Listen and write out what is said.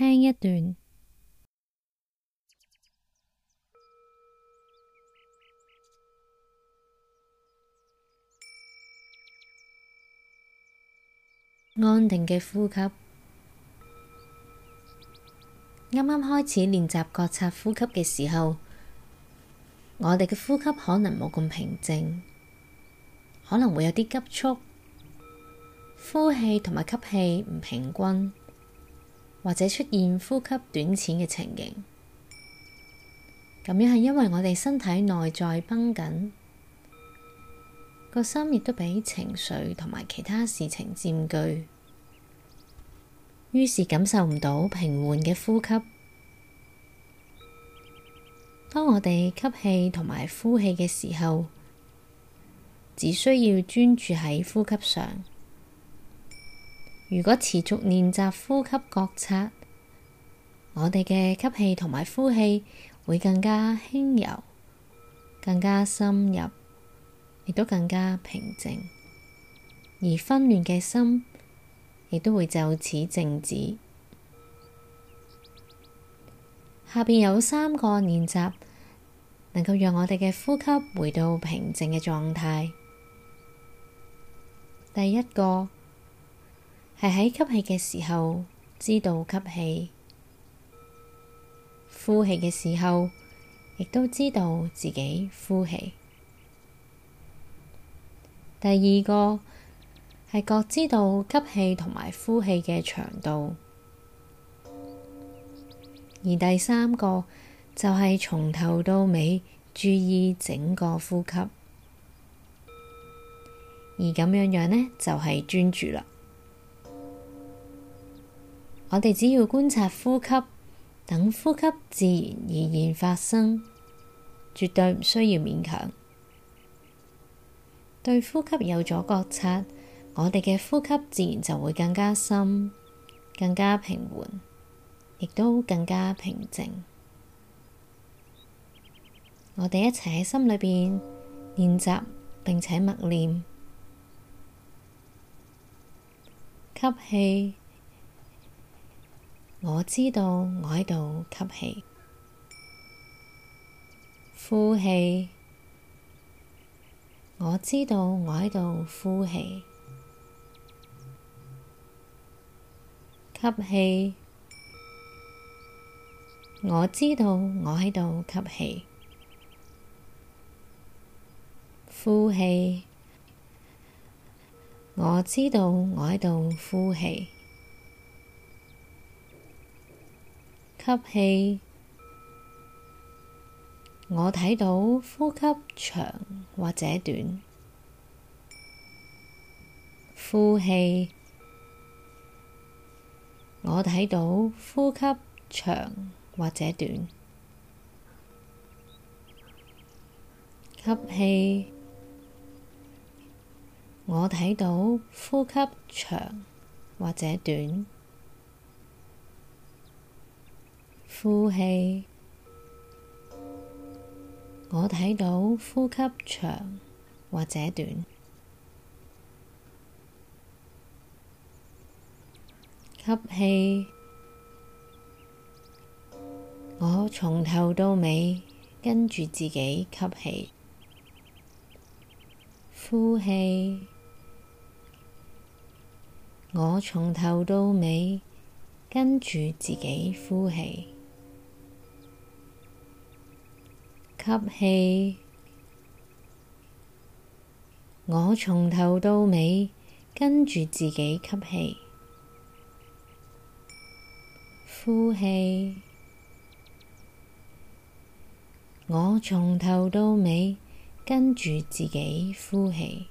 聽一段安定嘅呼吸。啱啱開始練習覺察呼吸嘅時候，我哋嘅呼吸可能冇咁平靜，可能會有啲急促，呼氣同埋吸氣唔平均。或者出現呼吸短淺嘅情形，咁樣係因為我哋身體內在繃緊，個心亦都俾情緒同埋其他事情佔據，於是感受唔到平緩嘅呼吸。當我哋吸氣同埋呼氣嘅時候，只需要專注喺呼吸上。如果持續練習呼吸覺察，我哋嘅吸氣同埋呼氣會更加輕柔、更加深入，亦都更加平靜，而紛亂嘅心亦都會就此靜止。下邊有三個練習，能夠讓我哋嘅呼吸回到平靜嘅狀態。第一個。係喺吸氣嘅時候知道吸氣，呼氣嘅時候亦都知道自己呼氣。第二個係各知道吸氣同埋呼氣嘅長度，而第三個就係、是、從頭到尾注意整個呼吸，而咁樣樣呢，就係專注啦。我哋只要觀察呼吸，等呼吸自然而然發生，絕對唔需要勉強。對呼吸有咗覺察，我哋嘅呼吸自然就會更加深、更加平緩，亦都更加平靜。我哋一齊喺心裏邊練習，並且默念：吸氣。我知道我喺度吸氣、呼氣。我知道我喺度呼氣、吸氣。我知道我喺度吸氣、呼氣。我知道我喺度呼氣。吸氣，我睇到呼吸長或者短。呼氣，我睇到呼吸長或者短。吸氣，我睇到呼吸長或者短。呼氣，我睇到呼吸長或者短。吸氣，我從頭到尾跟住自己吸氣。呼氣，我從頭到尾跟住自己呼氣。吸氣，我從頭到尾跟住自己吸氣；呼氣，我從頭到尾跟住自己呼氣。